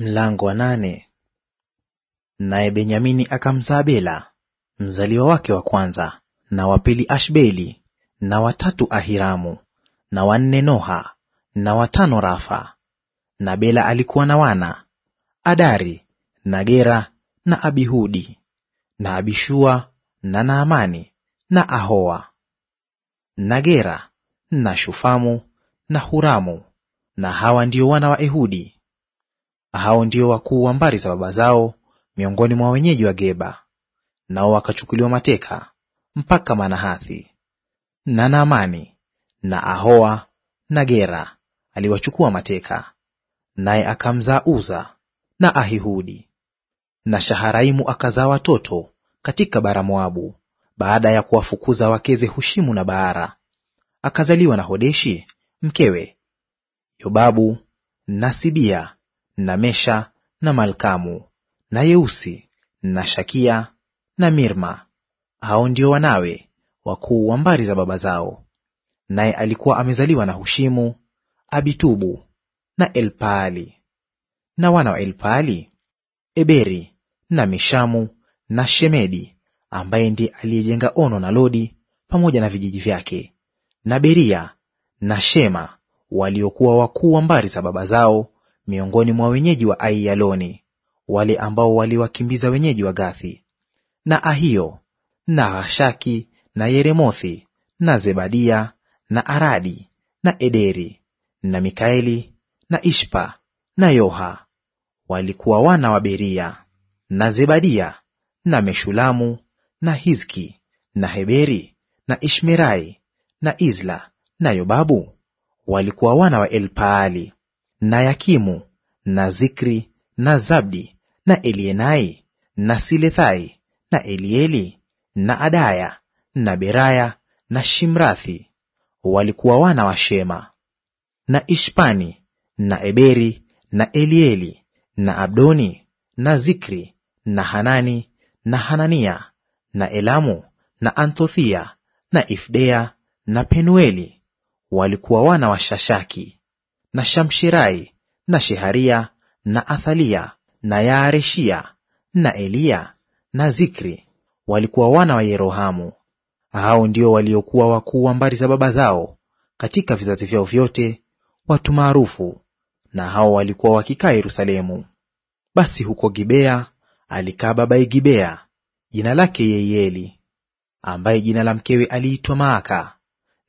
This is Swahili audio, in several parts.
Mlango wa nane. Naye Benyamini akamzaa Bela mzaliwa wake wa kwanza, na wa pili Ashbeli, na watatu Ahiramu, na wanne Noha, na watano Rafa. Na Bela alikuwa na wana Adari na Gera na Abihudi na Abishua na Naamani na Ahoa na Gera na Shufamu na Huramu, na hawa ndio wana wa Ehudi hao ndio wakuu wa mbari za baba zao miongoni mwa wenyeji wa Geba, nao wakachukuliwa mateka mpaka Manahathi. Na Naamani na Ahoa na Gera aliwachukua mateka, naye akamzaa Uza na Ahihudi. Na Shaharaimu akazaa watoto katika bara Moabu, baada ya kuwafukuza wakeze Hushimu na Baara. Akazaliwa na Hodeshi mkewe Yobabu na Sibia na Mesha na Malkamu na Yeusi na Shakia na Mirma. Hao ndio wanawe wakuu wa mbari za baba zao. Naye alikuwa amezaliwa na Hushimu, Abitubu na Elpaali. Na wana wa Elpaali, Eberi na Mishamu na Shemedi, ambaye ndiye aliyejenga Ono na Lodi pamoja na vijiji vyake, na Beria na Shema, waliokuwa wakuu wa mbari za baba zao miongoni mwa wenyeji wa Aiyaloni, wale ambao waliwakimbiza wenyeji wa Gathi, na Ahio na ghashaki na Yeremothi na Zebadia na Aradi na Ederi na Mikaeli na Ishpa na Yoha walikuwa wana wa Beria na Zebadia na Meshulamu na Hizki na Heberi na Ishmerai na Izla na Yobabu walikuwa wana wa Elpaali na Yakimu na Zikri na Zabdi na Elienai na Silethai na Elieli na Adaya na Beraya na Shimrathi walikuwa wana wa Shema. Na Ishpani na Eberi na Elieli na Abdoni na Zikri na Hanani na Hanania na Elamu na antothia na Ifdea na Penueli walikuwa wana wa Shashaki na Shamshirai na Sheharia na Athalia na Yaareshia na Eliya na Zikri walikuwa wana wa Yerohamu. Hao ndio waliokuwa wakuu wa mbari za baba zao katika vizazi vyao vyote, watu maarufu, na hao walikuwa wakikaa Yerusalemu. Basi huko Gibea alikaa babaye Gibea, jina lake Yeieli, ambaye jina la mkewe aliitwa Maaka,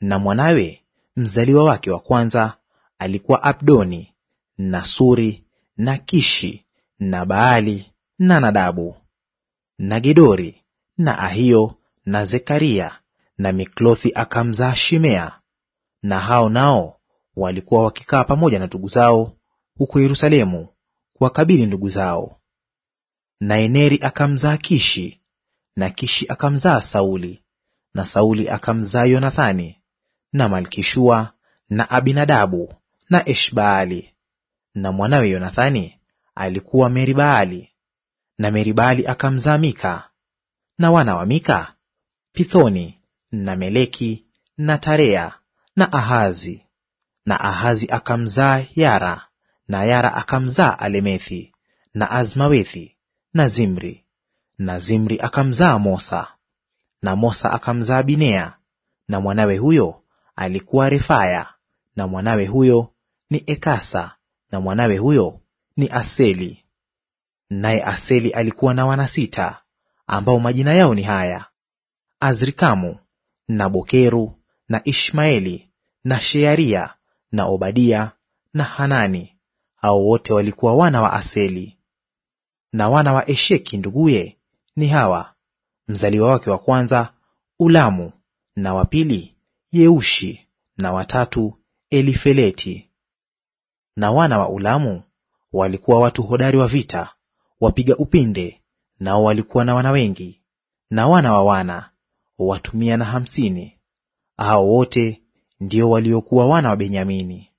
na mwanawe mzaliwa wake wa kwanza alikuwa Abdoni na Suri na Kishi na Baali na Nadabu na Gedori na Ahio na Zekaria na Miklothi akamzaa Shimea, na hao nao walikuwa wakikaa pamoja na ndugu zao huko Yerusalemu kuwakabili ndugu zao. na eneri akamzaa Kishi, na Kishi akamzaa Sauli, na Sauli akamzaa Yonathani na Malkishua na Abinadabu na Eshbaali, na mwanawe Yonathani alikuwa Meribaali, na Meribaali akamzaa Mika. Na wana wa Mika Pithoni na Meleki na Tarea na Ahazi. Na Ahazi akamzaa Yara, na Yara akamzaa Alemethi na Azmawethi na Zimri, na Zimri akamzaa Mosa, na Mosa akamzaa Binea, na mwanawe huyo alikuwa Refaya, na mwanawe huyo ni Ekasa, na mwanawe huyo ni Aseli. Naye Aseli alikuwa na wana sita, ambao majina yao ni haya: Azrikamu na Bokeru na Ishmaeli na Shearia na Obadia na Hanani. Hao wote walikuwa wana wa Aseli. Na wana wa Esheki nduguye ni hawa: mzaliwa wake wa kwanza Ulamu, na wa pili Yeushi, na watatu Elifeleti. Na wana wa Ulamu walikuwa watu hodari wa vita, wapiga upinde; nao walikuwa na wana wengi. Na wana wa wana watu mia na hamsini. Hao wote ndio waliokuwa wana wa Benyamini.